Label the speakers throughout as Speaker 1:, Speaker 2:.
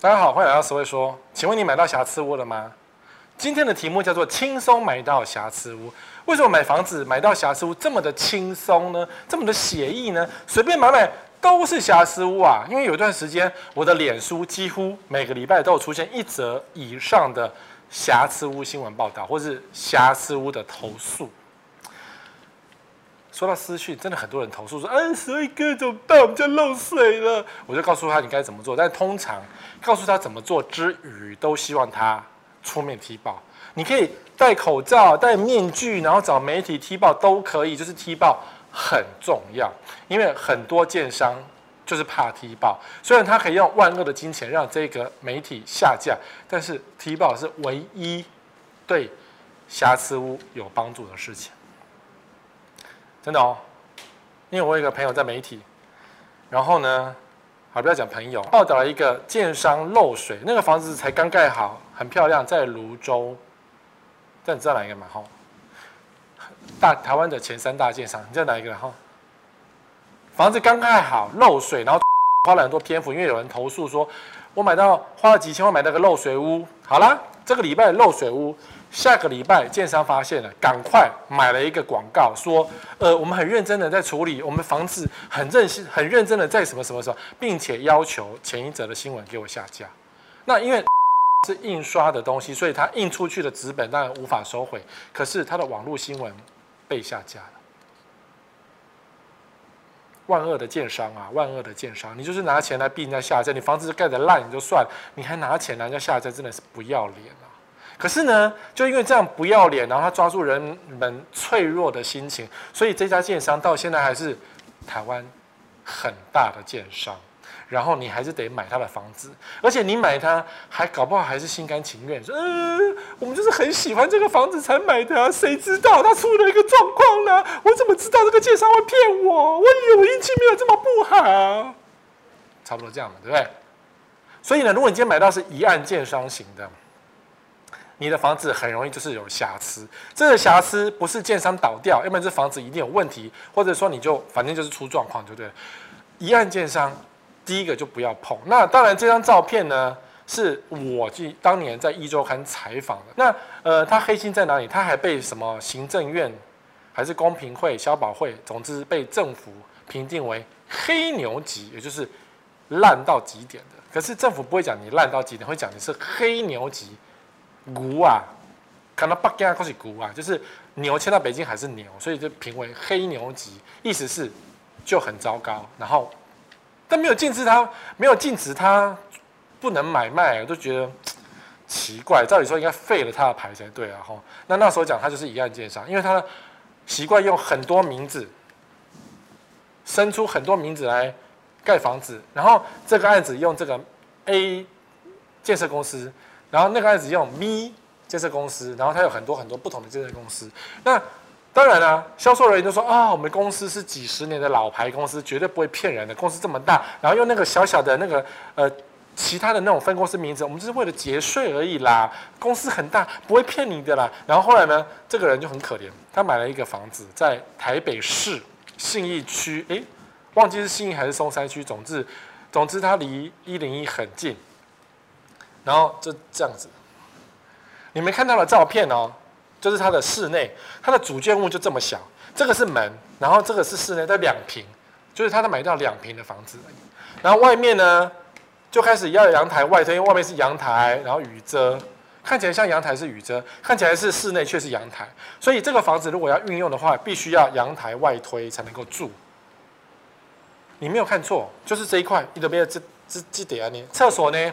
Speaker 1: 大家好，歡迎來到 Sway 說。請問你買到瑕疵屋了嗎？今天的題目叫做輕鬆買到瑕疵屋。為什麼買房子買到瑕疵屋這麼的輕鬆呢？這麼的寫意呢？隨便買買都是瑕疵屋啊！因為有一段時間，我的臉書幾乎每個禮拜都有出現一則以上的瑕疵屋新聞報道，或是瑕疵屋的投訴。說到私訊，真的很多人投訴說：“嗯，Sway 哥，怎麼辦？我們家漏水了。”我就告訴他你該怎麼做。但通常告訴他怎麼做之餘，都希望他出面踢爆。你可以戴口罩、戴面具，然後找媒體踢爆都可以。就是踢爆很重要，因為很多建商就是怕踢爆。雖然他可以用萬惡的金錢讓這個媒體下架，但是踢爆是唯一對瑕疵屋有幫助的事情。真的哦，因為我有一個朋友在媒體，然後呢，好，不要講朋友，報道了一個建商漏水，那個房子才剛蓋好，很漂亮，在蘆洲，但你知道哪一個嘛吼，大台灣的前三大建商，你知道哪一個嗎？吼，房子剛蓋好漏水，然後花了很多篇幅，因為有人投訴說，我買到花了幾千萬買到個漏水屋，好啦。這個禮拜漏水屋。下個禮拜建商發現了，趕快買了一個廣告，說，呃，我們很認真的在處理，我們房子很認真、很認真的在什麼什麼什麼，並且要求前一則的新聞給我下架。那因為是印刷的東西，所以他印出去的紙本當然無法收回，可是他的網絡新聞被下架了。萬惡的建商啊，萬惡的建商！你就是拿錢來逼人家下架，你房子蓋得爛，你就算，你還拿錢來人家下架，真的是不要臉啊！可是呢，就因為這樣不要臉，然後他抓住人們脆弱的心情，所以這家建商到現在還是台灣很大的建商。然後你還是得買他的房子，而且你買他還搞不好還是心甘情願說：“嗯、呃，我們就是很喜歡這個房子才買的啊，誰知道他出了一個狀況呢？我怎麼知道這個建商會騙我？我以為我運氣沒有這麼不好，差不多這樣嘛，對不對？所以呢，如果你今天買到是一案建商型的，你的房子很容易就是有瑕疵。這個瑕疵不是建商倒掉，要不然這房子一定有問題，或者說你就反正就是出狀況就對了。一案建商。第一個就不要碰。那當然，這張照片呢，是我當年在《一週刊》採訪的。那呃，他黑心在哪裡？他還被什麼行政院，還是公平會、消保會，總之被政府評定為黑牛級，也就是爛到極點的。可是政府不會講你爛到極點，會講你是黑牛級。牛啊，看到北京還是牛啊，就是牛牽到北京還是牛，所以就評為黑牛級，意思是就很糟糕。然後。但沒有禁止他，沒有禁止他不能買賣，我都覺得奇怪。照理說應該廢了他的牌才對啊！哈，那那時候講他就是一案建商，因為他習慣用很多名字，生出很多名字來蓋房子。然後這個案子，用這個 A 建設公司，然後那個案子，用 M 建設公司，然後他有很多很多不同的建設公司。那當然啦、啊，銷售人員就說：“啊、哦，我們公司是幾十年的老牌公司，絕對不會騙人的。公司這麼大，然後用那個小小的那個呃其他的那種分公司名字，我們就是為了節稅而已啦。公司很大，不會騙你的啦。”然後後來呢，這個人就很可憐，他買了一個房子在台北市信義區，哎，忘記是信義還是松山區，總之，總之他離一零一很近，然後就這樣子，你們看到了照片哦。”就是它的室內，它的主建物就這麼小，這個是門，然後這個是室內，在兩坪。就是他能買到兩坪的房子，然後外面呢，就開始要陽台外推，因為外面是陽台，然後雨遮。看起來像陽台是雨遮，看起來是室內，卻是陽台，所以這個房子如果要運用的話，必須要陽台外推才能夠住。你沒有看錯，就是這一塊，你都沒有這這這點啊？你廁所呢，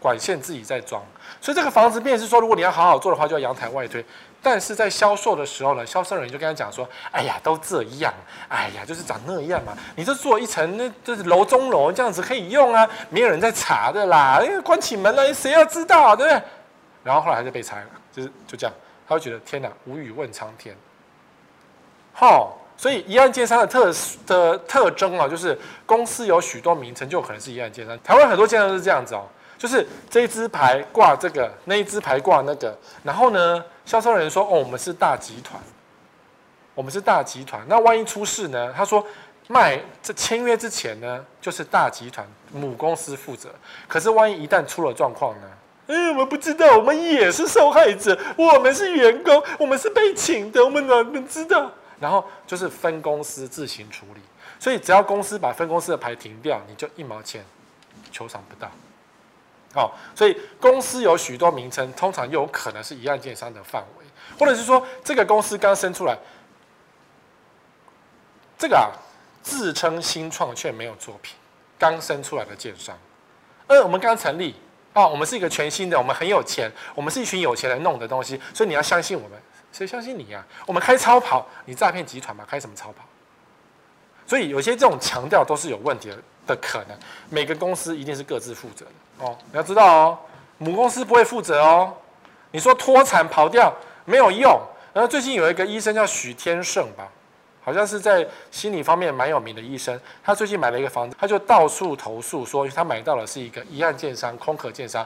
Speaker 1: 管線自己在裝，所以這個房子便是說，如果你要好好做的話，就要陽台外推。但是在銷售的時候呢，銷售人員就跟他講說：“哎呀，都這樣，哎呀，就是長那樣嘛、啊。你這做一層，那、就、這是樓中樓，這樣子可以用啊，沒有人在查的啦，因為關起門來誰要知道、啊，對不對？”然後後來還是被查了，就是就這樣，他會覺得天哪，無語問蒼天。好、哦，所以一案建商的特的特徵啊、哦，就是公司有許多名稱，就有可能是一案建商。台灣很多建商都是這樣子哦。就是這一支牌掛這個，那一支牌掛那個，然後呢，銷售人員說：“哦，我們是大集團，我們是大集團。那萬一出事呢？”他說：“賣這簽約之前呢，就是大集團母公司負責。可是萬一一旦出了狀況呢？嗯、欸，我們不知道，我們也是受害者，我們是員工，我們是被請的，我們哪能知道？然後就是分公司自行處理。所以只要公司把分公司的牌停掉，你就一毛錢，求償不到。”哦，所以公司有許多名稱，通常有可能是一案建商的範圍，或者是說這個公司剛生出來，這個啊自稱新創卻沒有作品，剛生出來的建商，而我們剛成立啊、哦，我們是一個全新的，我們很有錢，我們是一群有錢人弄的東西，所以你要相信我們，誰相信你呀、啊？我們開超跑，你詐騙集團嘛，開什麼超跑？所以有些這種強調都是有問題的。的可能，每個公司一定是各自負責的哦。你要知道哦，母公司不會負責哦。你說脫產跑掉沒有用。然後最近有一個醫生叫許天勝吧，好像是在心理方面蠻有名的醫生。他最近買了一個房子，他就到處投訴說他買到的是一個一案建商、空殼建商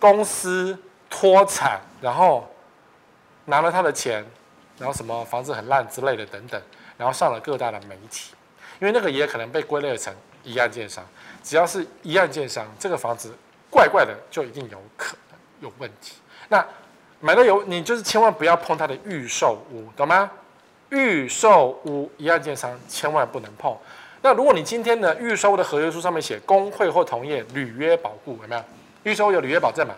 Speaker 1: 公司脫產，然後拿了他的錢，然後什麼房子很爛之類的等等，然後上了各大的媒體，因為那個也可能被歸類成。一案建商，只要是一案建商，這個房子怪怪的，就一定有可能有問題。那買到有，你就是千萬不要碰它的預售屋，懂嗎？預售屋一案建商，千萬不能碰。那如果你今天的預售的合約書上面寫公會或同業履約保固，有沒有預售有履約保證嗎？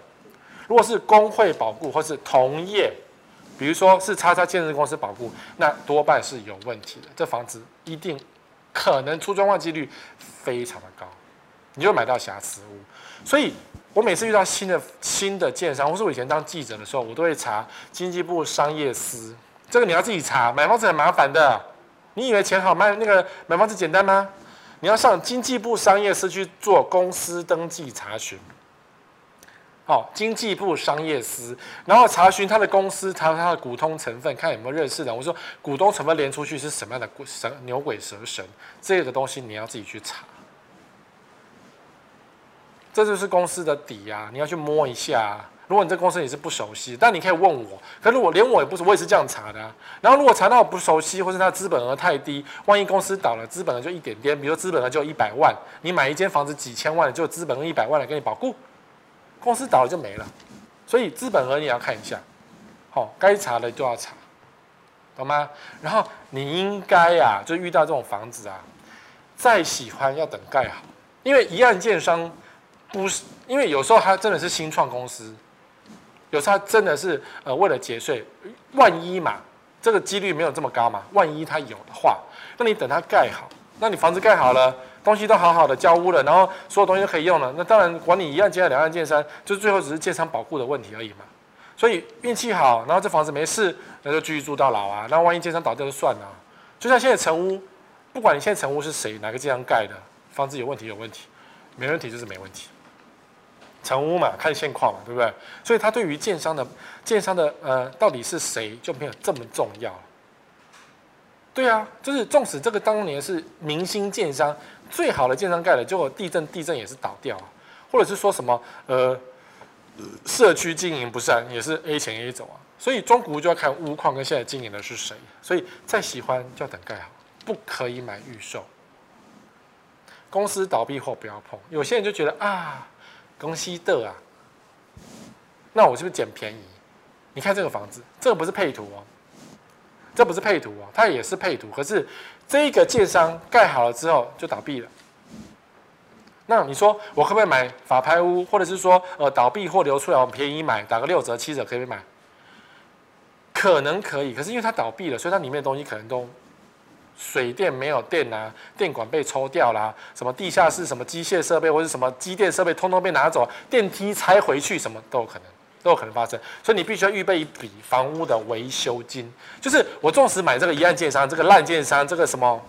Speaker 1: 如果是公會保固或是同業，比如說是叉叉建設公司保固，那多半是有問題的，這房子一定。可能出狀況幾率非常的高，你就買到瑕疵屋。所以我每次遇到新的新的建商，或是我以前當記者的時候，我都會查經濟部商業司。這個你要自己查，買房子很麻煩的。你以為錢好賣，那個買房子簡單嗎？你要上經濟部商業司去做公司登記查詢。哦，經濟部商業司，然後查詢他的公司，查他的股東成分，看有沒有認識的。我說股東成分連出去是什麼樣的鬼神牛鬼蛇神？這個東西你要自己去查，這就是公司的底啊，你要去摸一下啊。如果你這公司也是不熟悉，但你可以問我。可是我連我也不熟，我也是這樣查的啊。然後如果查到我不熟悉，或是他資本額太低，萬一公司倒了，資本額就一點點，比如說資本額就一百萬，你買一間房子幾千萬，就有資本額一百萬來給你保固。公司倒了就沒了，所以資本額你也要看一下，好，該查的就要查，懂嗎？然後你應該啊，就遇到這種房子啊，再喜歡要等蓋好，因為一案建商不是，因為有時候他真的是新創公司，有時候它真的是呃為了節稅，萬一嘛，這個幾率沒有這麼高嘛，萬一他有的話，那你等他蓋好，那你房子蓋好了。東西都好好的，交屋了，然後所有東西都可以用了。那當然，管你一案、接案、兩案、建商，就是最後只是建商保固的問題而已嘛。所以運氣好，然後這房子沒事，那就繼續住到老啊。那萬一建商倒掉就算了。就像現在成屋，不管你現在成屋是誰哪個建商蓋的，房子有問題有問題，沒問題就是沒問題。成屋嘛，看現況嘛，對不對？所以他對於建商的建商的呃，到底是誰，就沒有這麼重要。對啊，就是縱使這個當年是明星建商。最好的建商蓋了，結果地震，地震也是倒掉啊，或者是說什麼呃，社區經營不善，也是 A 錢 A 走啊。所以中古就要看屋況跟現在經營的是誰。所以再喜歡就要等蓋好，不可以買預售。公司倒閉後不要碰。有些人就覺得啊，公司的啊，那我是不是撿便宜？你看這個房子，這個不是配圖哦，這個、不是配圖哦，它也是配圖，可是。這一個建商蓋好了之後就倒閉了，那你說我可不可以買法拍屋，或者是說呃倒閉或流出來我們便宜買，打個六折七折可不可以買？可能可以，可是因為它倒閉了，所以它裡面的東西可能都水電沒有電啊，電管被抽掉啦、啊，什麼地下室什麼機械設備或者什麼機電設備通通被拿走，電梯拆回去什麼都有可能。都有可能發生，所以你必須要預備一筆房屋的維修金。就是我縱使買這個一案建商、這個爛建商、這個什麼，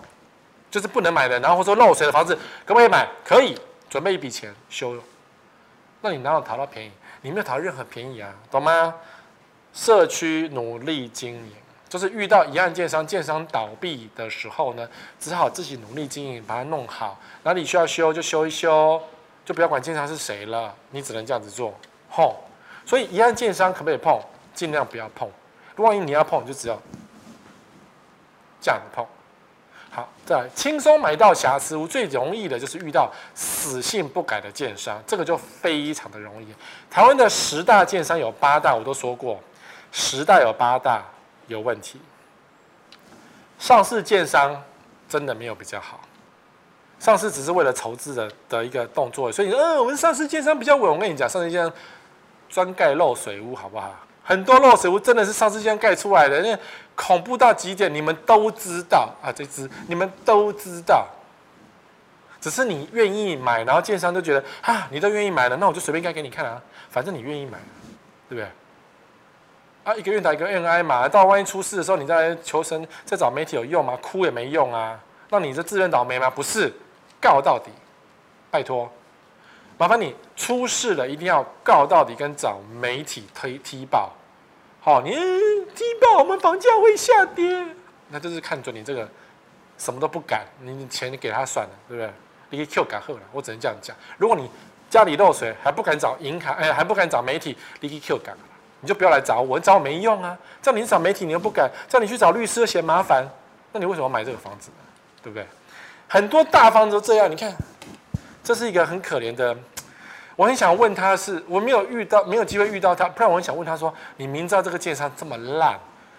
Speaker 1: 就是不能買的，然後或說漏水的房子，可不可以買？可以，準備一筆錢修。那你哪有討到便宜？你沒有討任何便宜啊，懂嗎？社區努力經營，就是遇到一案建商、建商倒閉的時候呢，只好自己努力經營，把它弄好。哪裡需要修就修一修，就不要管建商是誰了，你只能這樣子做，吼。所以一案建商可不可以碰？盡量不要碰。萬一你要碰，就只要這樣碰。好，再來，輕鬆買到瑕疵屋，最容易的就是遇到死性不改的建商，這個就非常的容易。台灣的十大建商有八大我都說過，十大有八大有問題。上市建商真的沒有比較好，上市只是為了籌資的的一個動作，所以你說，嗯、呃，我們上市建商比較穩，我跟你講，上市建商。專蓋漏水屋好不好？很多漏水屋真的是商事先蓋出來的，那恐怖到極點，你們都知道啊！這支你們都知道，只是你願意買，然後建商就覺得啊，你都願意買了，那我就隨便蓋給你看啊，反正你願意買，對不對？啊，一個願打一個願挨嘛。到萬一出事的時候，你再來求神，再找媒體有用嗎？哭也沒用啊！那你這自認倒霉嗎？不是，告到底，拜託。麻煩你出事了，一定要告到底，跟找媒體推踢爆。好、哦，你踢爆我們房價會下跌，那就是看準你這個什麼都不敢，你錢給他算了，對不對？你 Q 改。好了，我只能這樣講。如果你家裡漏水還不敢找銀行，哎，還不敢找媒體，你 Q 敢了？你就不要來找我，你找我沒用啊。叫你找媒體你又不敢，叫你去找律師嫌麻煩，那你為什麼要買這個房子？對不對？很多大房子都這樣，你看。這是一個很可憐的，我很想問他是，是我沒有遇到，沒有機會遇到他，不然我很想問他說：“你明知道這個建商這麼爛，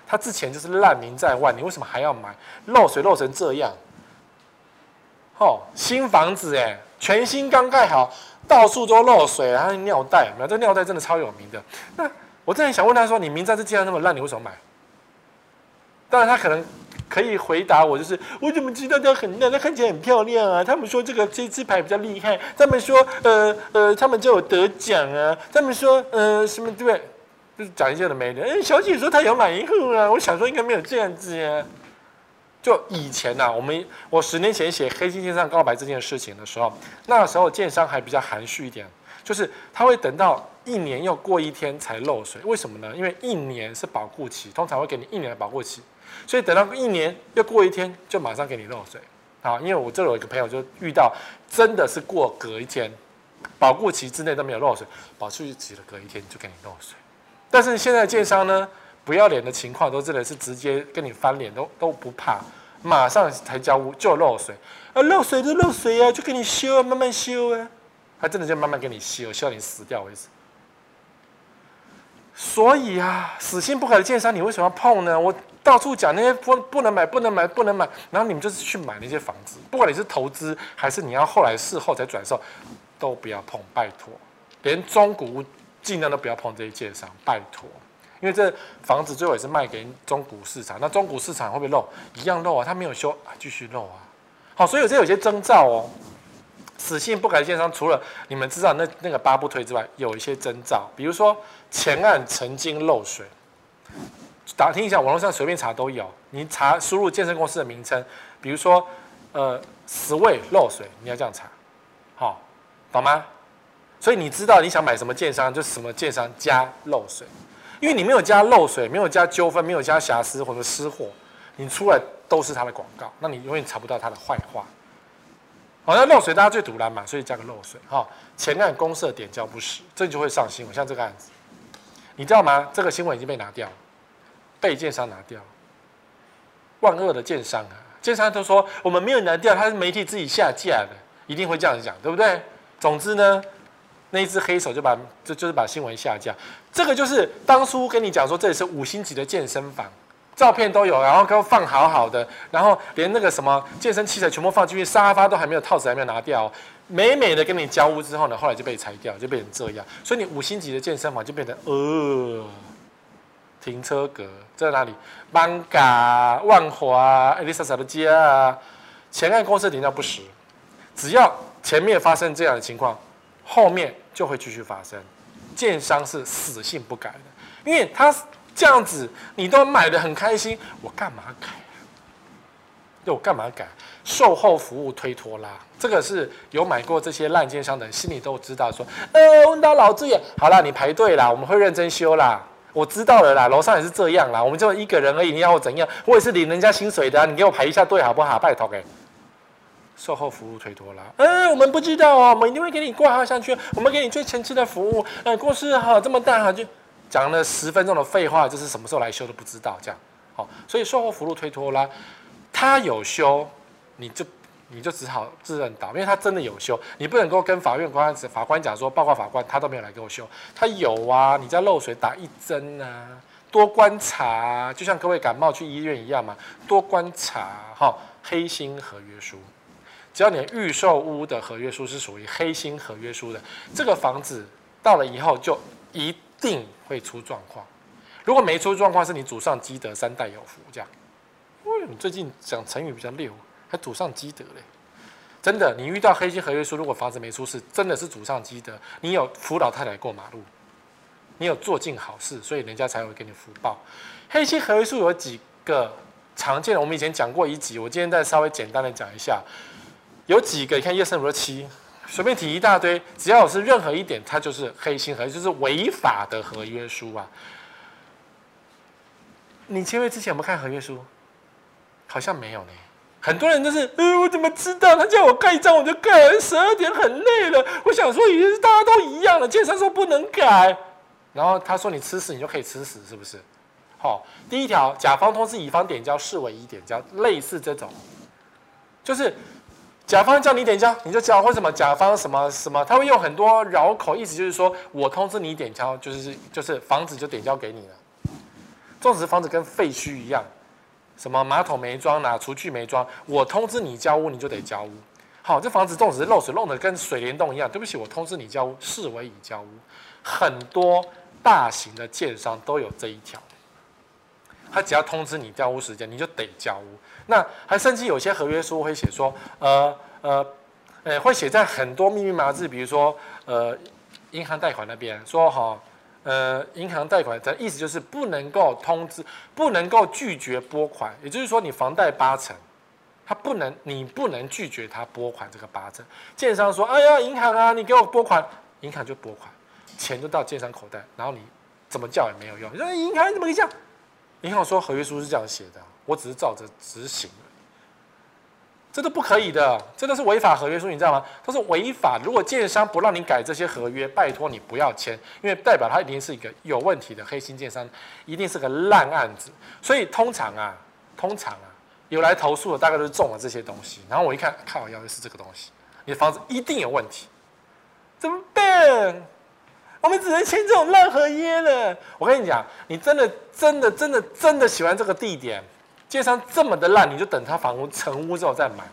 Speaker 1: 他之前就是爛名在外，你為什麼還要買？漏水漏成這樣，哦，新房子哎，全新剛蓋好，到處都漏水還有尿袋有沒有，那這尿袋真的超有名的。那我真的想問他說：你明知道這建商那麼爛，你為什麼買？當然他可能。”可以回答我，就是我怎麼知道他很嫩，她看起來很漂亮啊！他們說這個這支牌比較厲害，他們說呃呃，他們就有得獎啊，他們說呃什麼對，對，就是講一些的美人。小姐說她有買一副啊，我想說應該沒有這樣子啊。就以前啊，我們我十年前寫黑心建商告白這件事情的時候，那時候建商還比較含蓄一點，就是他會等到一年又過一天才漏水，為什麼呢？因為一年是保固期，通常會給你一年的保固期。所以等到一年要過一天，就馬上給你漏水啊！因為我這裡有一個朋友就遇到，真的是過隔一天，保固期之內都沒有漏水，保固期的隔一天就給你漏水。但是現在的建商呢，不要臉的情況都真的是直接跟你翻臉，都都不怕，馬上才交屋就漏水啊！漏水就漏水啊，就給你修啊，慢慢修啊，還真的就慢慢給你修，修到你死掉為止。所以啊，死心不改的建商，你為什麼要碰呢？我到處講那些不不能買、不能買、不能買，然後你們就是去買那些房子，不管你是投資還是你要後來事後才轉售，都不要碰，拜託。連中古盡量都不要碰這些建商，拜託，因為這房子最後也是賣給中古市場，那中古市場會不會漏？一樣漏啊，它沒有修，啊，繼續漏啊。好，所以有些有些徵兆哦。死性不改的建商，除了你們知道那那個八不推之外，有一些徵兆，比如說前案曾經漏水。打聽一下，網絡上隨便查都有。你查輸入建商公司的名稱，比如說呃十位漏水，你要這樣查，好，懂嗎？所以你知道你想買什麼建商，就是、什麼建商加漏水，因為你沒有加漏水，沒有加糾紛，沒有加瑕疵或者失火，你出來都是他的廣告，那你永遠查不到他的壞話。好像、哦、漏水，大家最堵爛嘛，所以加個漏水。哈，前案公設點交不實，這就會上新聞。像這個案子，你知道嗎？這個新聞已經被拿掉了，被建商拿掉了。萬惡的建商啊！建商都說我們沒有拿掉，他是媒體自己下架的，一定會這樣子講，對不對？總之呢，那一隻黑手就把，就就是把新聞下架。這個就是當初跟你講說這裡是五星級的健身房。照片都有，然後給我放好好的，然後連那個什麼健身器材全部放進去，沙發都還沒有套子，還沒有拿掉、哦，美美的跟你交屋之後呢，後來就被拆掉，就變成這樣。所以你五星級的健身房就變成呃、哦，停車格在哪裡？艋舺萬華、愛莉莎莎的家啊，前面公司停到不實，只要前面發生這樣的情況，後面就會繼續發生。建商是死性不改的，因為他。這樣子你都買得很開心，我幹嘛改啊？對，我幹嘛改，啊？售後服務推脫啦，這個是有買過這些爛奸商的人心裡都知道說。說、欸、呃，問到老子也好啦，你排隊啦，我們會認真修啦。我知道了啦，樓上也是這樣啦，我們就一個人而已，你要我怎樣？我也是領人家薪水的，啊，你給我排一下隊好不好？拜託給、欸、售後服務推脫啦。呃、欸，我們不知道啊、喔，我們一定會給你掛號上去，我們給你最誠摯的服務。哎、欸，公司哈這麼大哈就。講了十分鐘的廢話，就是什麼時候來修都不知道，這樣，好、哦，所以售後服務推脫啦，他有修，你就你就只好自認倒霉，因為他真的有修，你不能夠跟法院、法官、法官講說，報告法官，他都沒有來給我修，他有啊，你在漏水打一針啊，多觀察，就像各位感冒去醫院一樣嘛，多觀察，哈、哦，黑心合約書，只要你預售屋的合約書是屬於黑心合約書的，這個房子到了以後就一定。會出狀況，如果沒出狀況，是你祖上積德，三代有福這樣。哇，你最近講成語比較溜，還祖上積德嘞、欸！真的，你遇到黑心合約書，如果房子沒出事，真的是祖上積德，你有扶老太太過馬路，你有做盡好事，所以人家才會給你福報。黑心合約書有幾個常見的，我們以前講過一集，我今天再稍微簡單的講一下，有幾個，你看葉聖文七。隨便提一大堆，只要我是任何一點，它就是黑心合約，就是違法的合約書啊！你簽約之前有沒有看合約書？好像沒有呢。很多人都、就是、呃，我怎麼知道？他叫我蓋章我就蓋，十二點很累了。我想說，已經是大家都一樣了。建商說不能改，然後他說你吃屎你就可以吃屎，是不是？好、哦，第一條，甲方通知乙方點交視為已點交，類似這種，就是。甲方叫你點交，你就交，或者什麼甲方什麼什麼，他會用很多繞口，意思就是說，我通知你點交，就是就是房子就點交給你了。總之房子跟廢墟一樣，什麼馬桶沒裝、啊，哪廚具沒裝，我通知你交屋，你就得交屋。好，這房子總之是漏水，弄得跟水簾洞一樣。對不起，我通知你交屋，視為已交屋。很多大型的建商都有這一條，他只要通知你交屋時間，你就得交屋。那還甚至有些合約書會寫說，呃呃，呃、欸，會寫在很多密密麻字，比如說，呃，銀行貸款那邊說哈，呃，銀行貸款的意思就是不能夠通知，不能夠拒絕撥款，也就是說你房貸八成，他不能，你不能拒絕他撥款這個八成。建商說，哎呀，銀行啊，你給我撥款，銀行就撥款，錢就到建商口袋，然後你怎麼叫也沒有用，你說銀行怎麼個叫？你看我說，合約書是這樣寫的，我只是照着執行，這都不可以的，這都是違法合約書，你知道嗎？都是違法。如果建商不讓你改這些合約，拜托你不要簽，因為代表他一定是一個有問題的黑心建商，一定是個爛案子。所以通常啊，通常啊，有來投訴的大概都是中了這些東西。然後我一看看，我要的是這個東西，你的房子一定有問題，怎麼辦？我們只能簽這種爛合約了。我跟你講，你真的、真的、真的、真的喜歡這個地點，街上這麼的爛，你就等它房屋成屋之後再買，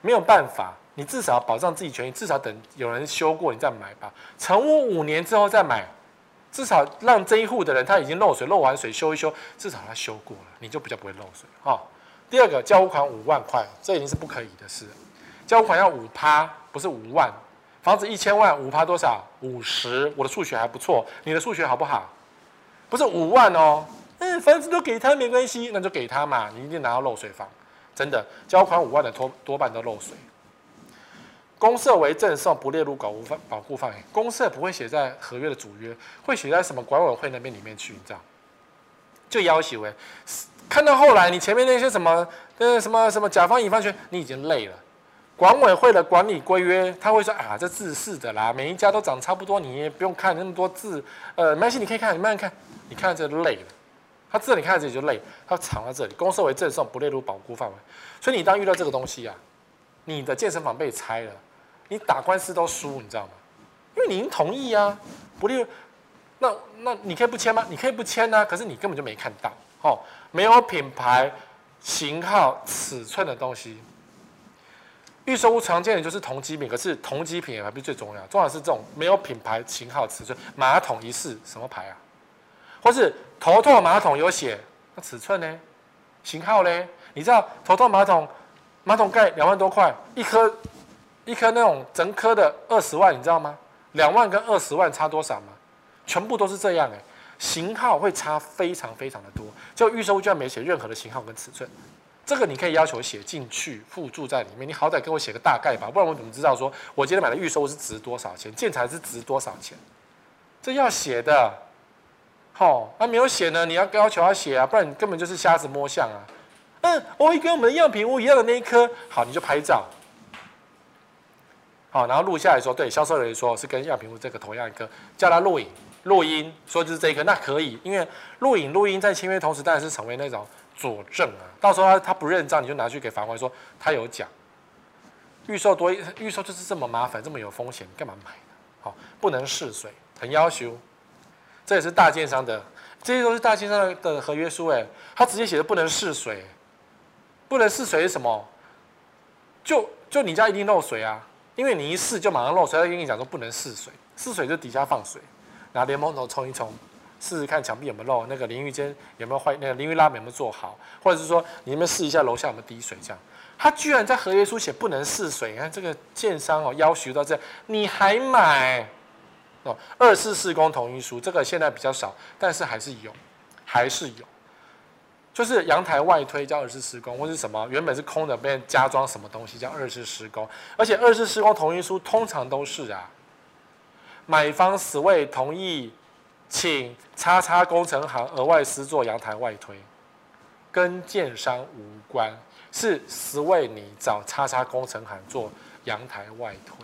Speaker 1: 沒有辦法，你至少保障自己權益，至少等有人修過你再買吧。成屋五年之後再買，至少讓這一戶的人他已經漏水，漏完水修一修，至少他修過了，你就比較不會漏水哈。哦、第二個交款五萬塊，這已經是不可以的事，交款要五趴，不是五萬。房子一千萬，五趴多少？五十。我的數學還不錯，你的數學好不好？不是五萬哦。嗯，房子都給他沒關係，那就給他嘛。你一定拿到漏水房，真的。交款五萬的多多半都漏水。公設為贈送，不列入保護範保護範圍。公設不會寫在合約的主約，會寫在什麼管委會那邊裡面去，你知道？就要求。看到後來，你前面那些什麼，那什麼什麼甲方乙方，你已經累了。管委會的管理規約，他會說啊，這字是的啦，每一家都長差不多，你也不用看那麼多字。呃，耐心你可以看，你慢慢看，你看這就累了，他這裡看着，這裡就累，他藏在這裡，公司為贈送，不列入保固範圍。所以你當遇到這個東西啊，你的健身房被拆了，你打官司都輸，你知道嗎？因為你已經同意啊，不列，那那你可以不簽嗎？你可以不簽啊。可是你根本就沒看到，哦，沒有品牌、型號、尺寸的東西。預售屋常見的就是同級品，可是同級品還不是最重要，重要的是這種沒有品牌、型號、尺寸、馬桶一式什麼牌啊，或是 TOTO 馬桶有寫那尺寸呢、型號呢？你知道 TOTO 馬桶、馬桶蓋兩萬多塊一顆，一顆那種整顆的二十萬，你知道嗎？兩萬跟二十萬差多少嗎？全部都是這樣哎、欸，型號會差非常非常的多，就預售屋居然沒寫任何的型號跟尺寸。這個你可以要求寫進去，附注在裡面。你好歹給我寫個大概吧，不然我怎麼知道說我今天買的預售是值多少錢，建材是值多少錢？這要寫的，好、哦，那、啊、沒有寫呢，你要求要求他寫啊，不然你根本就是瞎子摸象啊。嗯，我會跟我們樣品屋一樣的那一顆好，你就拍照，好、哦，然後錄下來說，對，銷售人員說是跟樣品屋這個同樣一顆，叫他錄影、錄音，說就是這一顆那可以，因為錄影、錄音在簽約同時當然是成為那種。佐證啊，到時候他他不認賬，你就拿去給法官說他有講。預售多預售就是這麼麻煩，這麼有風險，幹嘛買呢？好，不能試水，很要求。這也是大建商的，這些都是大建商的合約書、欸，哎，他直接寫的不能試水，不能試水是什麼？就就你家一定漏水啊，因為你一試就馬上漏水，他跟你講說不能試水，試水就底下放水，拿蓮蓬頭沖一沖。試試看牆壁有沒有漏，那個淋浴間有沒有壞，那個淋浴拉門有沒有做好，或者是說你們試一下樓下有沒有滴水，這樣。他居然在合約書寫不能試水，你看這個建商哦，要求到這，你還買哦？二次施工同意書，這個現在比較少，但是還是有，還是有。就是陽台外推叫二次施工，或是什麼原本是空的，被加裝什麼東西叫二次施工，而且二次施工同意書通常都是啊，買方視為同意。請叉叉工程行額外施做陽台外推，跟建商無關，是實為你找叉叉工程行做陽台外推。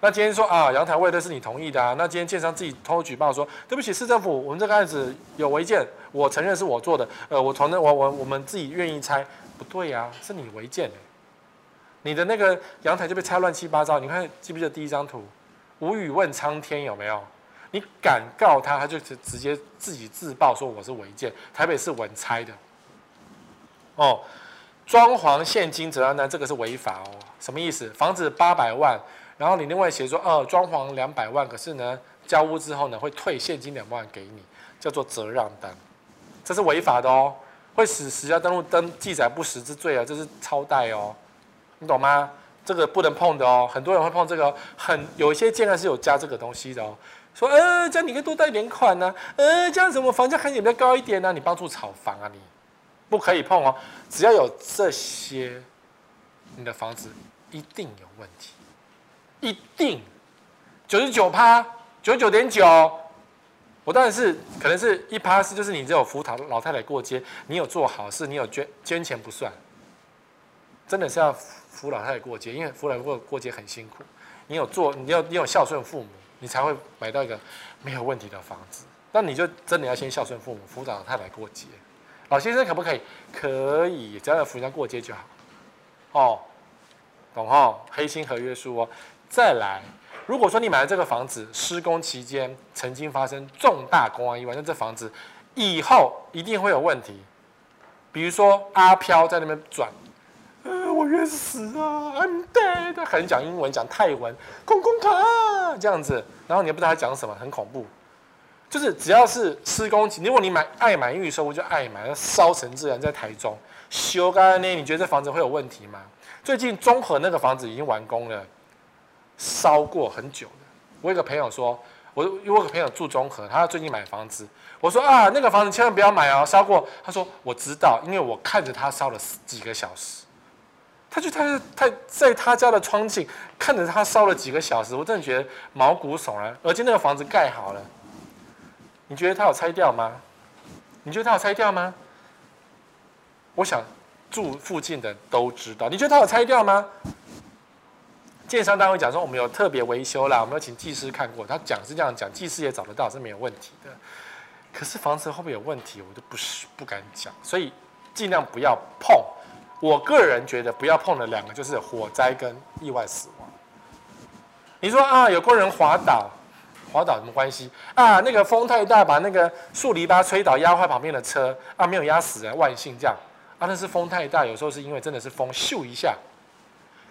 Speaker 1: 那今天說啊，陽台外推是你同意的啊。那今天建商自己偷偷舉報說，對不起市政府，我們這個案子有違建，我承認是我做的，呃，我承認我我我們自己願意拆，不對呀、啊，是你違建、欸，你的那個陽台就被拆亂七八糟，你看記不記得第一張圖？無語問蒼天有沒有？你敢告他，他就直直接自己自曝說我是違建。台北是穩拆的哦，裝潢現金折讓單，這個是違法哦。什麼意思？房子八百萬，然後你另外寫說，哦，裝潢兩百萬，可是呢，交屋之後呢，會退現金兩萬給你，叫做折讓單，這是違法的哦，會使實價登錄登記載不實之罪啊，這是超貸哦，你懂嗎？這個不能碰的哦，很多人會碰這個，很有一些建案是有加這個東西的哦。說呃，這樣你可以多貸點款吶、啊。呃，這樣怎麼房價看起來比較高一點呢、啊？你幫助炒房啊你？你不可以碰哦。只要有這些，你的房子一定有問題，一定九十九趴，九十九點九。我當然是可能是一趴是就是你只有扶老老太太過街，你有做好事，你有捐捐錢不算，真的是要扶老太太過街，因為扶老太太過過街很辛苦。你有做，你要你有孝順父母。你才會買到一個沒有問題的房子，那你就真的要先孝順父母，扶老太太來過街。老先生可不可以？可以，只要扶人家過街就好。哦，懂吼？黑心合約書哦。再來，如果說你買了這個房子，施工期間曾經發生重大工安意外，那這房子以後一定會有問題。比如說阿飄在那邊轉，呃，我冤死啊！很講英文，講泰文，公公卡這樣子，然後你也不知道他講什麼，很恐怖。就是只要是施工，如果你買愛買，預收我就愛買。燒成自然，在台中修，剛才呢，你覺得這房子會有問題嗎？最近中和那個房子已經完工了，燒過很久了。我有個朋友說，我有個朋友住中和，他最近買房子，我說啊，那個房子千萬不要買啊、哦，燒過。他說我知道，因為我看着他燒了幾個小時。他就他他在他家的窗前看着他燒了幾個小時，我真的覺得毛骨悚然。而且那個房子蓋好了，你覺得他有拆掉嗎？你覺得他有拆掉嗎？我想住附近的都知道，你覺得他有拆掉嗎？建商單位講說，我們有特別維修啦，我們有請技師看過，他講是這樣講，技師也找得到是沒有問題的。可是房子會不會有問題，我都不是不敢講，所以盡量不要碰。我個人覺得不要碰的兩個就是火災跟意外死亡。你說啊，有工人滑倒，滑倒有什麼關係？啊，那個風太大，把那個樹籬笆吹倒壓壞旁邊的車，啊，沒有壓死人啊，萬幸這樣。啊，那是風太大，有時候是因為真的是風，咻一下。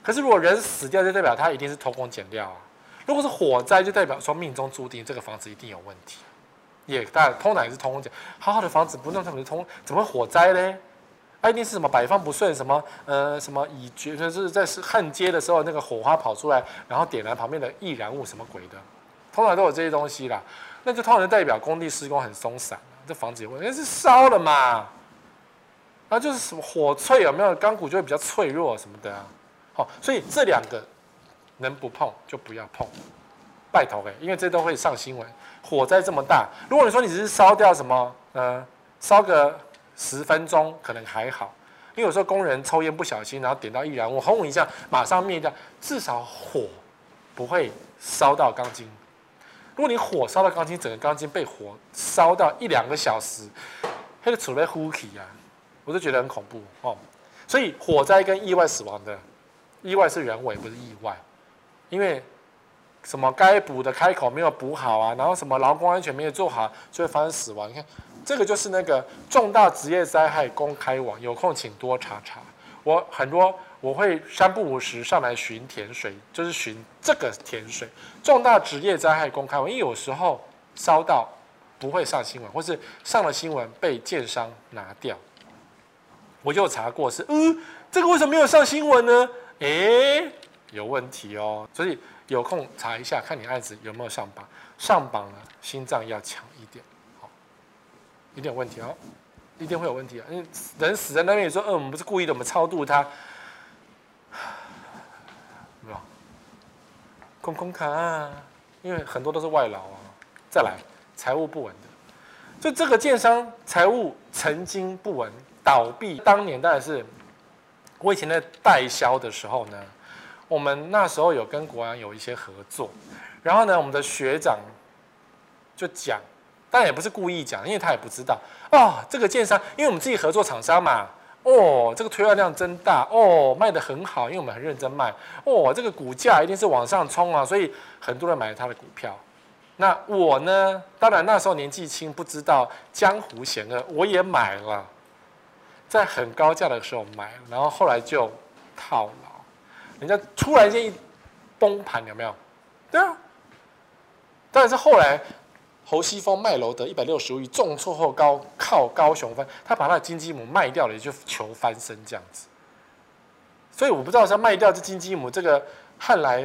Speaker 1: 可是如果人死掉，就代表他一定是偷工減料啊。如果是火災，就代表說命中注定這個房子一定有問題。也當然偷懶也是偷工減，好好的房子不弄，怎麼偷？怎麼會火災呢？啊、一定是什麼擺放不順、呃，什麼呃什麼，以就是在焊接的時候那個火花跑出來，然後點燃旁邊的易燃物，什麼鬼的，通常都有這些東西啦。那就通常代表工地施工很鬆散，這房子也可那是燒了嘛。那就是什麼火脆有沒有，鋼骨就會比較脆弱什麼的啊。好、哦，所以這兩個能不碰就不要碰，拜託哎、欸，因為這些都會上新聞。火災這麼大，如果你說你只是燒掉什麼，呃，燒個。十分鐘可能還好，因為有時候工人抽煙不小心，然後點到易燃物，轟一下，馬上滅掉，至少火不會燒到鋼筋。如果你火燒到鋼筋，整個鋼筋被火燒到一兩個小時，它就儲備呼吸啊，我就覺得很恐怖哦。所以火災跟意外死亡的意外是人為，不是意外，因為什麼該補的開口沒有補好啊，然後什麼勞工安全沒有做好，就會發生死亡。你看。這個就是那個重大職業災害公開網，有空請多查查。我很多我會三不五時上來巡田水，就是巡這個田水。重大職業災害公開網，因為有時候燒到不會上新聞，或是上了新聞被建商拿掉。我就查過是，嗯，這個為什麼沒有上新聞呢？誒，有問題哦。所以有空查一下，看你案子有沒有上榜。上榜了，心臟要強一點。一定有問題、啊、一定會有問題啊！因為人死在那邊，你說、嗯、我們不是故意的，我們超度他，對空空卡，因為很多都是外勞啊。再來，財務不穩的，就這個建商財務曾經不穩，倒閉。當年當然是我以前在代銷的時候呢，我們那時候有跟國安有一些合作，然後呢，我們的學長就講。但也不是故意講，因為他也不知道啊，哦。這個建商，因為我們自己合作廠商嘛，哦，這個推量量真大哦，賣得很好，因為我們很認真賣哦。這個股價一定是往上衝啊，所以很多人買了他的股票。那我呢？當然那時候年紀輕，不知道江湖險惡，我也買了，在很高價的時候買，然後後來就套牢。人家突然間一崩盤，有沒有？對啊，但是後來。侯西峰賣樓得一百六十五億，重挫後高靠高雄翻，他把他的金雞母賣掉了，也就求翻身這樣子。所以我不知道像賣掉這金雞母，這個漢來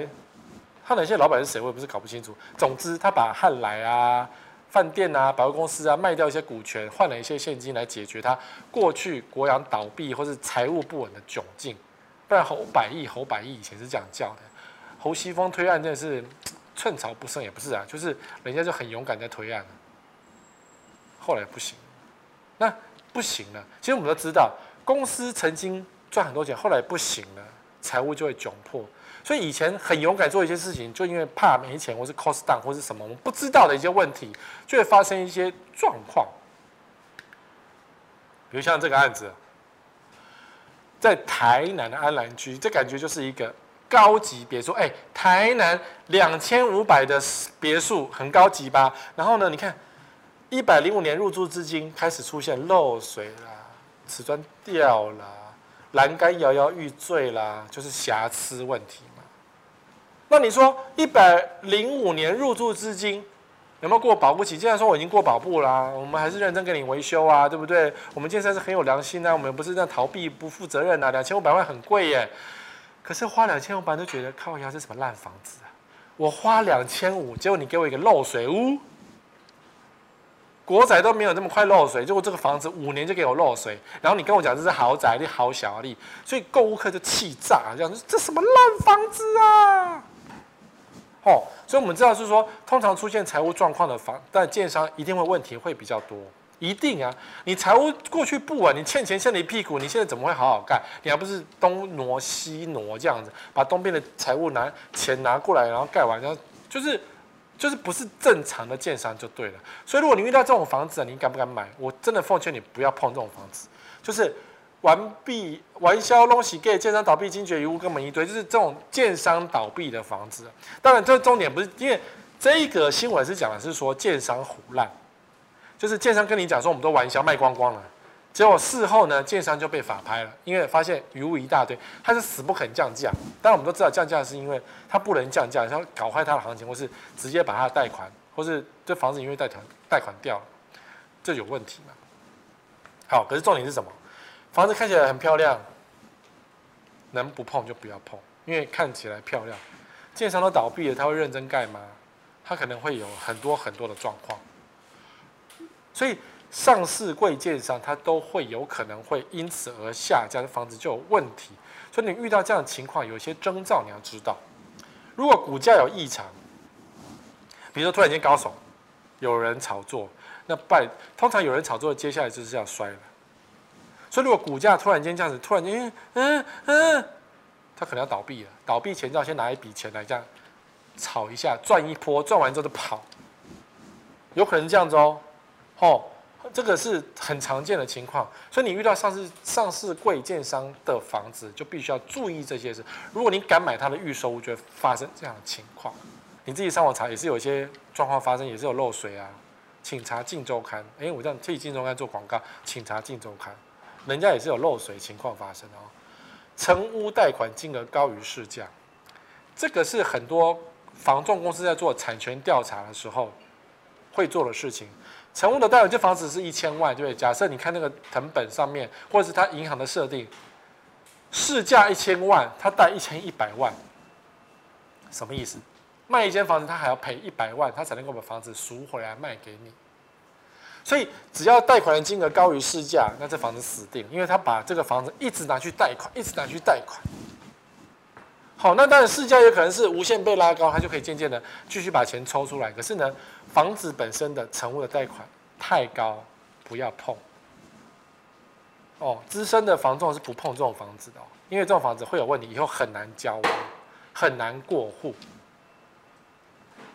Speaker 1: 漢來，現在老板是誰，我也不是搞不清楚。總之，他把漢來啊、飯店啊、百貨公司啊賣掉一些股權，換了一些現金來解決他過去國揚倒閉或是財務不穩的窘境。不然侯百億，侯百億以前是這樣叫的。侯西峰推案真的是。寸草不生也不是啊，就是人家就很勇敢在推案，後來不行，那不行了。其實我們都知道，公司曾經賺很多錢，後來不行了，財務就會窘迫。所以以前很勇敢做一些事情，就因為怕沒錢，或是 cost down 或是什麼，我們不知道的一些問題，就會發生一些狀況。比如像這個案子，在台南的安南區，這感覺就是一個。高級別墅，哎，台南兩千五百的別墅很高級吧？然後呢，你看一百零五年入住至今開始出現漏水啦，瓷磚掉啦、欄杆搖搖欲墜啦，就是瑕疵問題嘛。那你說一百零五年入住至今有沒有過保固期？既然說我已經過保固啦、啊，我們還是認真給你維修啊，對不對？我們建商是很有良心啊，我們不是在逃避、不負責任啊。兩千五百萬很貴耶、欸。可是花兩千五，板都覺得，看我一下這什麼爛房子啊！我花兩千五，結果你給我一個漏水屋，國宅都沒有那麼快漏水，結果這個房子五年就給我漏水，然後你跟我講這是豪宅，你好小利，所以購物客就氣炸，啊，講，這樣，這是什麼爛房子啊！哦，所以我們知道是說，通常出現財務狀況的房，但建商一定會問題會比較多。一定啊！你財務過去不穩，你欠錢欠你屁股，你現在怎麼會好好蓋？你還不是東挪西挪這樣子，把東邊的財務拿錢拿過來，然後蓋完，然後就是就是不是正常的建商就對了。所以如果你遇到這種房子，你敢不敢買？我真的奉勸你不要碰這種房子，就是完畢完銷弄死給建商倒閉，金覺一物根本一堆，就是這種建商倒閉的房子。當然，這重點不是，因為這一個新聞是講的是說建商虎爛。就是建商跟你講說，我們都完銷賣光光了，結果事後呢，建商就被法拍了，因為發現餘屋一大堆，他是死不肯降價。當然，我們都知道降價是因為他不能降價，他搞壞他的行情，或是直接把他的貸款，或是這房子因為貸款貸款掉了，這有問題嘛？好，可是重點是什麼？房子看起來很漂亮，能不碰就不要碰，因為看起來漂亮，建商都倒閉了，他會認真蓋嗎？他可能會有很多很多的狀況。所以上市櫃建商，它都會有可能會因此而下降，這樣的房子就有問題。所以你遇到這樣的情況，有些徵兆你要知道。如果股價有異常，比如說突然間高聳，有人炒作，那拜，通常有人炒作，接下來就是要摔了。所以如果股價突然間這樣子，突然間，嗯、欸、嗯，它、啊啊、可能要倒閉了。倒閉前要先拿一筆錢來這樣炒一下，賺一波，賺完之後就跑，有可能這樣子哦、喔。哦，這個是很常見的情況，所以你遇到上市上市貴建商的房子，就必須要注意這些事。如果你敢買他的預售屋，就發生這樣的情況。你自己上網查也是有一些狀況發生，也是有漏水啊，請查《鏡周刊》。誒，我這樣替《鏡周刊》做廣告，請查《鏡周刊》，人家也是有漏水情況發生的哦。成屋貸款金額高於市價，這個是很多房仲公司在做產權調查的時候會做的事情。成屋的貸款，這房子是一千萬，對不對？假設你看那個成本上面，或者是他銀行的設定，市價一千萬，他貸一千一百萬，什麼意思？賣一間房子，他還要賠一百萬，他才能夠把房子贖回來賣給你。所以，只要貸款的金額高於市價，那這房子死定，因為他把這個房子一直拿去貸款，一直拿去貸款。好、哦，那當然，市價也可能是無限被拉高，它就可以漸漸的繼續把錢抽出來。可是呢，房子本身的成屋的貸款太高，不要碰。哦，資深的房仲是不碰這種房子的、哦，因為這種房子會有問題，以後很難交屋，很難過戶。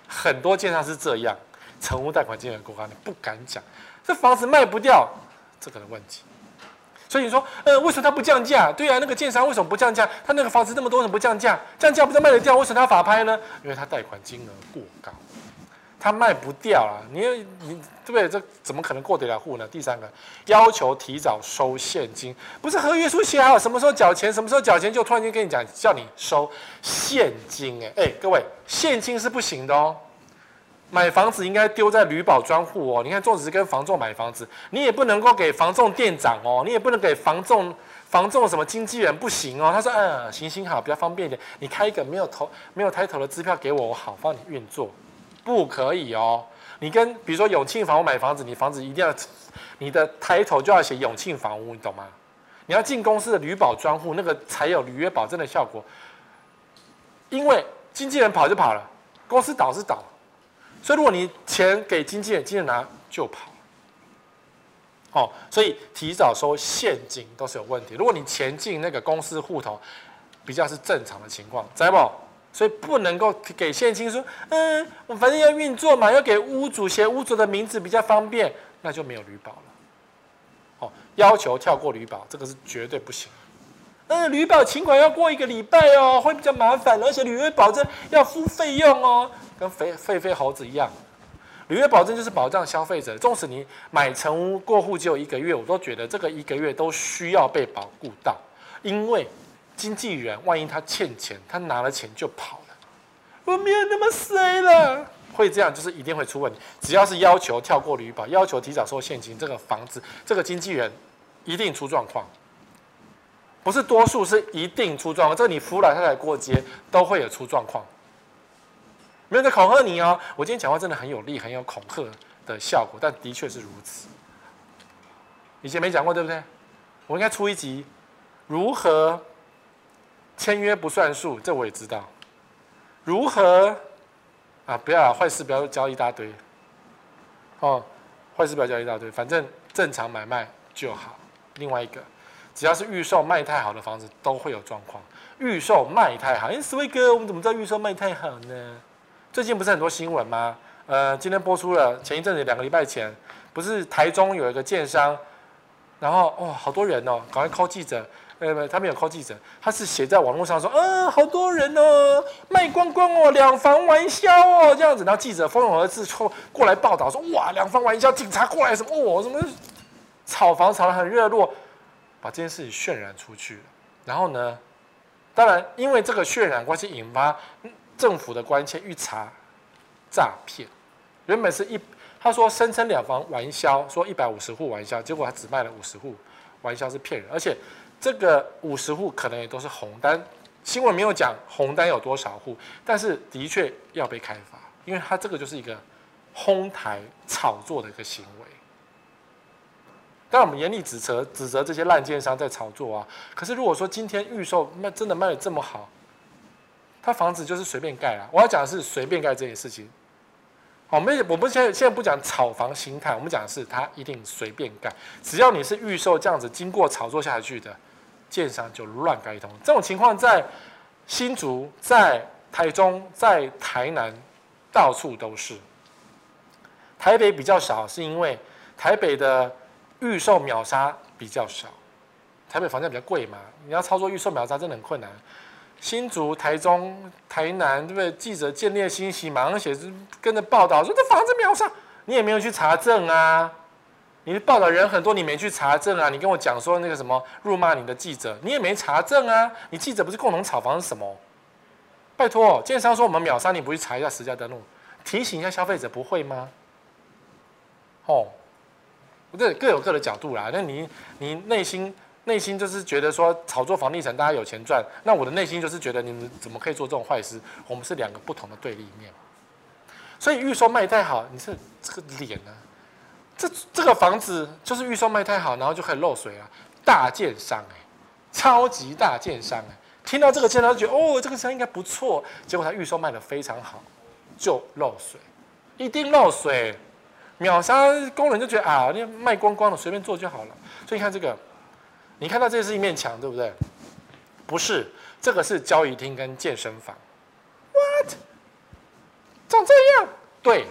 Speaker 1: 很多建商是這樣，成屋貸款金額過高，你不敢講，這房子賣不掉，這可、個、能問題。所以你說，呃，為什麼他不降價？對呀、啊，那個建商為什麼不降價？他那個房子那麼多，人不降價？降價不是賣得掉？為什麼他法拍呢？因為他貸款金額過高，他賣不掉啊。你你對不對？這怎麼可能過得了戶呢？第三個，要求提早收現金，不是合約書寫好、啊、什麼時候繳錢，什麼時候繳錢，就突然間跟你講叫你收現金、欸。哎哎，各位，現金是不行的哦。買房子應該丟在履保專戶哦。你看，總之跟房仲買房子，你也不能夠給房仲店長哦，你也不能給房仲房仲什麼經紀人，不行哦。他說：“啊、嗯，行行好，比較方便一點，你開一個沒有頭、沒有抬頭的支票給我，我好幫你運作。”不可以哦。你跟比如說永慶房屋買房子，你房子一定要你的抬頭就要寫永慶房屋，你懂嗎？你要進公司的履保專戶，那個才有履約保證的效果。因為經紀人跑就跑了，公司倒是倒。所以，如果你錢給經紀人，經紀人拿就跑。哦，所以提早收現金都是有問題。如果你錢進那個公司戶頭，比較是正常的情況，知道不？所以不能夠給現金說，嗯，我反正要運作嘛，要給屋主寫屋主的名字比較方便，那就沒有履保了。哦，要求跳過履保，這個是絕對不行。那履保請款要過一個禮拜哦，會比較麻煩，而且履約保證要付費用哦，跟肥肥肥猴子一樣。履約保證就是保障消費者，縱使你買成屋過戶只有一個月，我都覺得這個一個月都需要被保護到，因為經紀人萬一他欠錢，他拿了錢就跑了，我沒有那麼衰啦。會這樣就是一定會出問題，只要是要求跳過履保，要求提早收現金，這個房子這個經紀人一定出狀況。不是多數是一定出狀況，這你敷來他來過街都會有出狀況。沒有在恐嚇你哦，我今天講話真的很有力，很有恐嚇的效果，但的確是如此。以前沒講過，對不對？我應該出一集，如何簽約不算數？這我也知道。如何啊？不要啊，壞事不要教一大堆。哦，壞事不要教一大堆，反正正常買賣就好。另外一個。只要是預售賣太好的房子都會有狀況，預售賣太好，哎、欸，Sway 哥，我們怎麼知道預售賣太好呢？最近不是很多新聞嗎？呃，今天播出了，前一陣子兩個禮拜前，不是台中有一個建商，然後哦，好多人哦，趕快 call 記者，呃，他們有 call 記者，他是寫在網絡上說，嗯、呃，好多人哦，賣光光哦，兩房完銷哦，這樣子，然後記者蜂擁而至，衝過來報道說，哇，兩房完銷，警察過來什麼哦，什麼炒房炒得很熱絡。把這件事情渲染出去了，然後呢？當然，因為這個渲染關係，引發政府的關切，預查詐騙。原本是一，他說聲稱兩房完銷，說一百五十戶完銷，結果他只賣了五十戶完銷是騙人。而且這個五十戶可能也都是紅單，新聞沒有講紅單有多少戶，但是的確要被開罰，因為他這個就是一個哄抬炒作的一個行為。但我們嚴厲指責指責這些爛建商在炒作啊！可是如果說今天預售賣真的賣的這麼好，他房子就是隨便蓋啊！我要講的是隨便蓋這件事情。我們現在現在不講炒房心態，我們講的是他一定隨便蓋。只要你是預售這樣子經過炒作下去的，建商就亂蓋一通。這種情況在新竹、在台中、在台南到處都是。台北比較少，是因為台北的。預售秒殺比較少，台北房價比較貴嘛，你要操作預售秒殺真的很困難。新竹、台中、台南，對不對？記者見獵心喜馬上寫，跟着報道說這房子秒殺，你也沒有去查證啊。你的報道人很多，你沒去查證啊？你跟我講說那個什麼辱罵你的記者，你也沒查證啊？你記者不是共同炒房是什麼？拜托，建商說我們秒殺，你不去查一下實價登錄，提醒一下消費者不會嗎？哦。不對，各有各的角度啦。那你你內心內心就是覺得說炒作房地產大家有錢賺，那我的內心就是覺得你們怎麼可以做這種壞事？我們是兩個不同的對立面。所以預售賣太好，你是這，這個臉呢、啊？這這個房子就是預售賣太好，然後就開始漏水啊。大建商哎、欸，超級大建商哎、欸，聽到這個建商就覺得哦，這個商應該不錯，結果他預售賣的非常好，就漏水，一定漏水。秒殺工人就覺得啊，那賣光光了，隨便做就好了。所以你看這個，你看到這是一面牆，對不對？不是，這個是交易廳跟健身房。What？長這樣？對。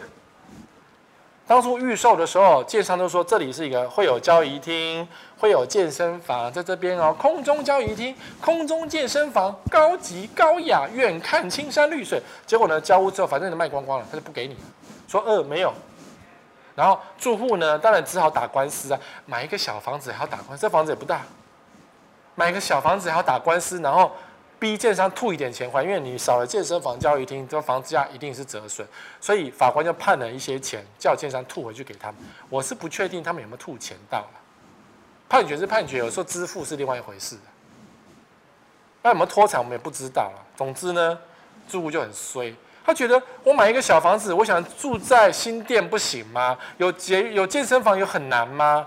Speaker 1: 當初預售的時候，建商都說這裡是一個會有交易廳，會有健身房，在這邊哦，空中交易廳，空中健身房，高級高雅，遠看青山綠水。結果呢，交屋之後，反正你賣光光了，他就不給你，說，呃，沒有。然後住戶呢，當然只好打官司啊。買一個小房子還要打官司，這房子也不大。買一個小房子還要打官司，然後逼建商吐一點錢還，因為你少了健身房、交誼廳，這房價一定是折損。所以法官就判了一些錢，叫建商吐回去給他們。我是不確定他們有沒有吐錢到啊。判決是判決，有時候支付是另外一回事的。那有沒有脫產，我們也不知道了啊。總之呢，住戶就很衰。他覺得我買一個小房子，我想住在新店不行嗎？有健有健身房有很難嗎？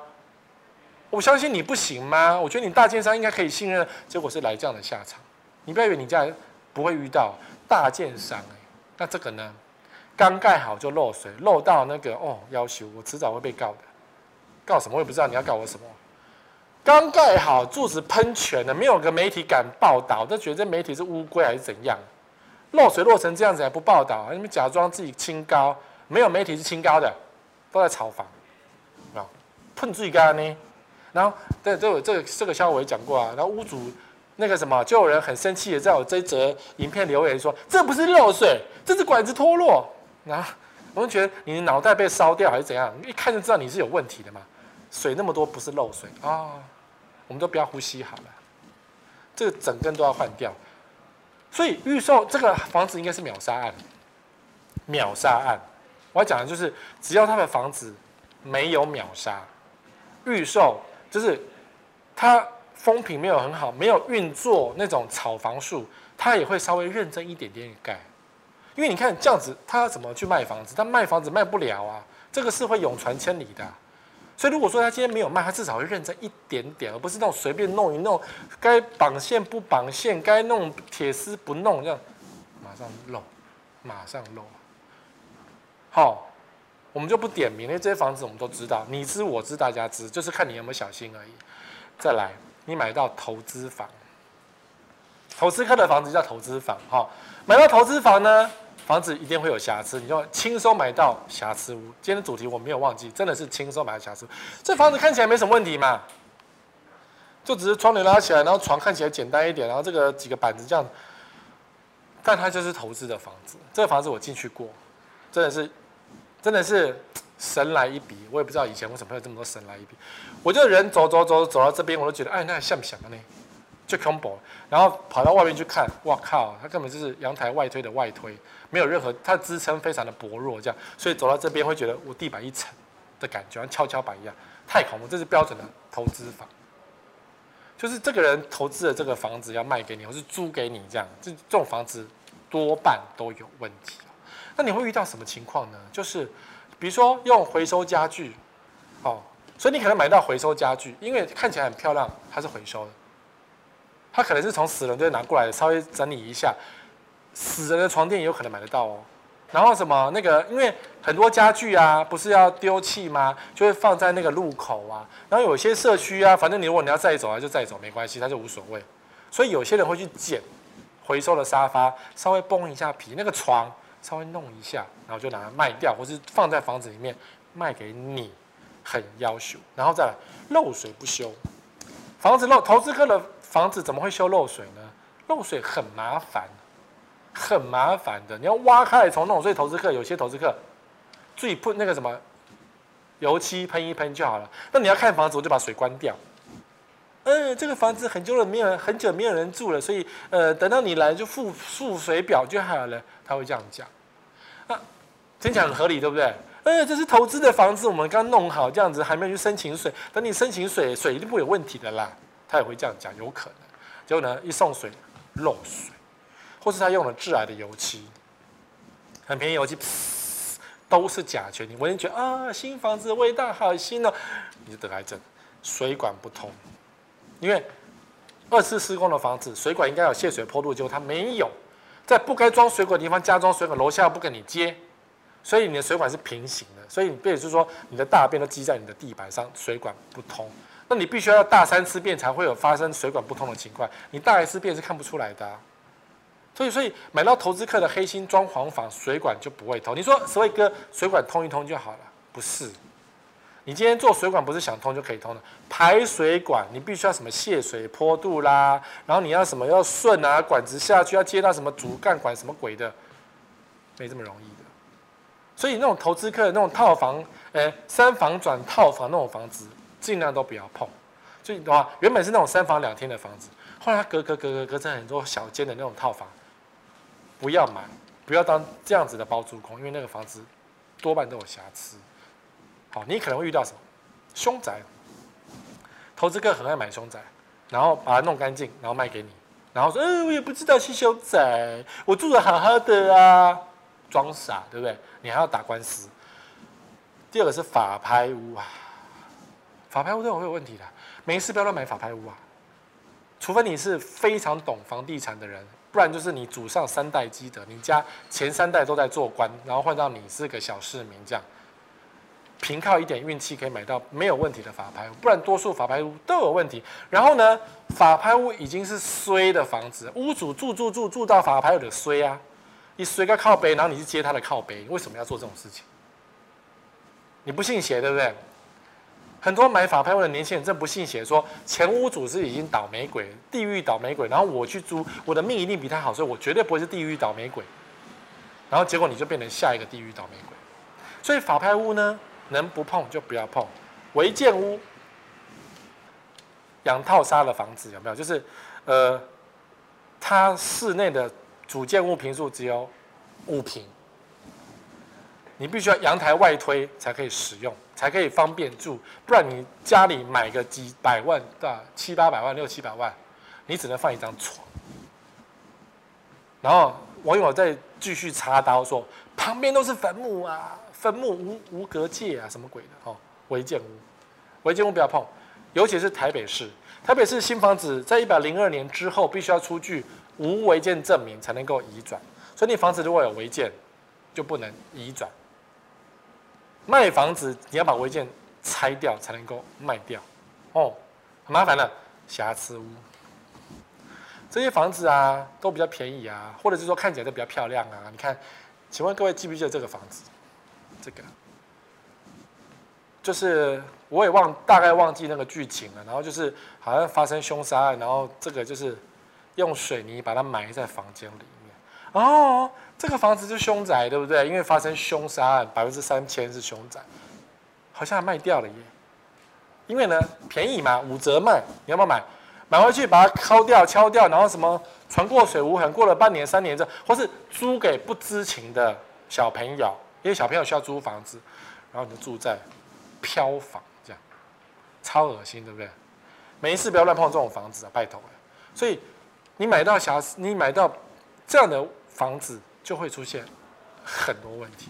Speaker 1: 我相信你不行嗎？我覺得你大建商應該可以信任，結果是來這樣的下場。你不要以為你家不會遇到大建商，欸、那這個呢，剛蓋好就漏水，漏到那個哦要求我遲早會被告的。告什麼？我也不知道你要告我什麼。剛蓋好柱子噴泉的，沒有個媒體敢報道，我都覺得這媒體是烏龜還是怎樣。漏水漏成這樣子還不報道？你們假裝自己清高，沒有媒體是清高的，都在炒房啊，碰自己幹呢。然後這這我這個這個我也講過啊。然後屋主那個什麼，就有人很生氣的在我這一則影片留言說：“這不是漏水，這是管子脫落。”那我就覺得你的腦袋被燒掉還是怎樣？一看就知道你是有問題的嘛。水那麼多不是漏水啊、哦？我們都不要呼吸好了，這個、整根都要換掉。所以預售這個房子，應該是秒殺案，秒殺案，我要講的就是，只要他的房子沒有秒殺，預售就是他風評沒有很好，沒有運作那種炒房術，他也會稍微認真一點點改，因為你看這樣子，他要怎麼去賣房子？他賣房子賣不了啊，這個是會永傳千里的、啊。所以如果說他今天沒有賣，他至少會認真一點點，而不是那種隨便弄一弄，該綁線不綁線，該弄鐵絲不弄，這樣馬上弄，馬上弄。好，我們就不點名，因為這些房子我們都知道，你知我知大家知，就是看你有沒有小心而已。再來，你買到投資房，投資客的房子叫投資房，哈，買到投資房呢？房子一定會有瑕疵，你就輕鬆買到瑕疵屋。今天的主題我沒有忘記，真的是輕鬆買到瑕疵屋。這房子看起來沒什麼問題嘛，就只是窗簾拉起來，然後床看起來簡單一點，然後這個幾個板子這樣，但它就是投資的房子。這個房子我進去過，真的是，真的是神來一筆。我也不知道以前為什麼會有這麼多神來一筆。我就人走走走走到這邊，我都覺得，哎，那還像不像呢？就 combo，然後跑到外面去看，哇靠！它根本就是陽台外推的外推，沒有任何它的支撐，非常的薄弱，這樣，所以走到這邊會覺得我地板一沉的感覺，像蹺蹺板一樣，太恐怖！這是標準的投資房，就是這個人投資的這個房子要賣給你，或是租給你，這樣，這這種房子多半都有問題。那你會遇到什麼情況呢？就是比如說用回收家具，哦，所以你可能買到回收家具，因為看起來很漂亮，它是回收的。他可能是從死人堆拿過來的，稍微整理一下，死人的床墊也有可能買得到哦。然後什麼那個，因為很多家具啊，不是要丟棄嗎？就會放在那個路口啊。然後有些社區啊，反正你如果你要再走啊，就再走沒關係，他就無所謂。所以有些人會去撿回收的沙發，稍微繃一下皮，那個床稍微弄一下，然後就拿它賣掉，或是放在房子裡面賣給你，很夭壽，然後再來漏水不修，房子漏，投資客的。房子怎麼會修漏水呢？漏水很麻煩，很麻煩的。你要挖開來，從那種所以投資客，有些投資客，注意噴那個什麼油漆噴一噴就好了。那你要看房子，我就把水關掉。嗯，這個房子很久了，沒有很久沒有人住了，所以呃，等到你來就付付水表就好了。他會這樣講，啊，聽起來很合理，對不對？嗯，這是投資的房子，我們剛弄好這樣子，還沒有去申請水，等你申請水，水一定不會有問題的啦。他也會這樣講，有可能。結果呢，一送水漏水，或是他用了致癌的油漆，很便宜油漆，噗噗都是甲醛。你聞一聞，覺得啊，新房子味道好新哦，你就得癌症。水管不通，因為二次施工的房子，水管應該有洩水坡度，結果它沒有。在不該裝水管的地方加裝水管，樓下又不給你接，所以你的水管是平行的，所以你也就是說，你的大便都積在你的地板上，水管不通。那你必須要大三次便才會有發生水管不通的情況，你大一次便是看不出來的，所以所以買到投資客的黑心裝潢房，水管就不會通。你說，Sway 哥，水管通一通就好了？不是，你今天做水管不是想通就可以通的，排水管你必須要什麼泄水坡度啦，然後你要什麼要順啊，管子下去要接到什麼主幹管什麼鬼的，沒這麼容易的。所以那種投資客的那種套房，哎、欸，三房轉套房那種房子。盡量都不要碰，所以的話，原本是那種三房兩廳的房子，後來他隔隔隔隔隔成很多小間的那種套房，不要買，不要當這樣子的包租公，因為那個房子多半都有瑕疵。好，你可能會遇到什麼？凶宅。投資客很愛買凶宅，然後把它弄乾淨，然後賣給你，然後說：“嗯，我也不知道是凶宅，我住得好好的啊，裝傻對不對？你還要打官司。”第二個是法拍屋。法拍屋都有會有問題的啊，沒事不要亂買法拍屋啊，除非你是非常懂房地產的人，不然就是你祖上三代積德，你家前三代都在做官，然後換到你是個小市民這樣，憑靠一點運氣可以買到沒有問題的法拍屋，不然多數法拍屋都有問題。然後呢，法拍屋已經是衰的房子，屋主住住住住到法拍屋就衰啊，你衰個靠背，然後你去接他的靠背，你為什麼要做這種事情？你不信邪對不對？很多買法拍屋的年輕人，真不信邪，說前屋主是已經倒霉鬼，地獄倒霉鬼，然後我去租，我的命一定比他好，所以，我絕對不會是地獄倒霉鬼。然後結果你就變成下一個地獄倒霉鬼。所以法拍屋呢，能不碰就不要碰。違建屋，養套殺的房子有沒有？就是，呃，它室內的主建物坪數只有五坪。你必須要陽台外推才可以使用，才可以方便住，不然你家裡買個幾百萬，七八百萬六七百萬，你只能放一張床。然後網友在再繼續插刀說：“旁邊都是墳墓啊，墳墓無無隔界啊，什麼鬼的哦？違建屋，違建屋不要碰，尤其是台北市。台北市新房子在一百零二年之後，必須要出具無違建證明才能夠移轉，所以你房子如果有違建，就不能移轉。”賣房子，你要把違建拆掉才能夠賣掉，哦、oh，很麻煩了，瑕疵屋。這些房子啊，都比較便宜啊，或者是說看起來都比較漂亮啊。你看，請問各位記不記得這個房子？這個就是我也忘，大概忘記那個劇情了。然後就是好像發生兇殺案，然後這個就是用水泥把它埋在房間裡面，哦、oh。這個房子是凶宅，對不對？因為發生凶殺案，百分之三千是凶宅，好像還賣掉了耶。因為呢，便宜嘛，五折賣，你要不要買？買回去把它敲掉、敲掉，然後什麼？船過水無痕，過了半年、三年之後，或是租給不知情的小朋友，因為小朋友需要租房子，然後你就住在飄房，這樣超惡心，對不對？沒事不要亂碰這種房子啊，拜托了。所以你買到瑕疵，你買到這樣的房子。就會出現很多問題。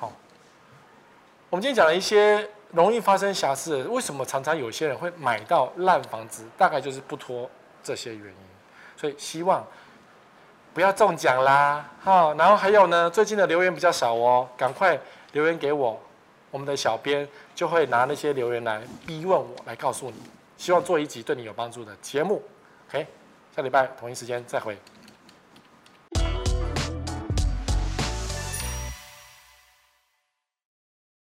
Speaker 1: 好，我們今天講了一些容易發生瑕疵，為什麼常常有些人會買到爛房子？大概就是不脫這些原因。所以希望不要中獎啦。好，然後還有呢，最近的留言比較少哦，趕快留言給我，我們的小編就會拿那些留言來逼問我，來告訴你，希望做一集對你有幫助的節目。OK，下禮拜同一時間再會。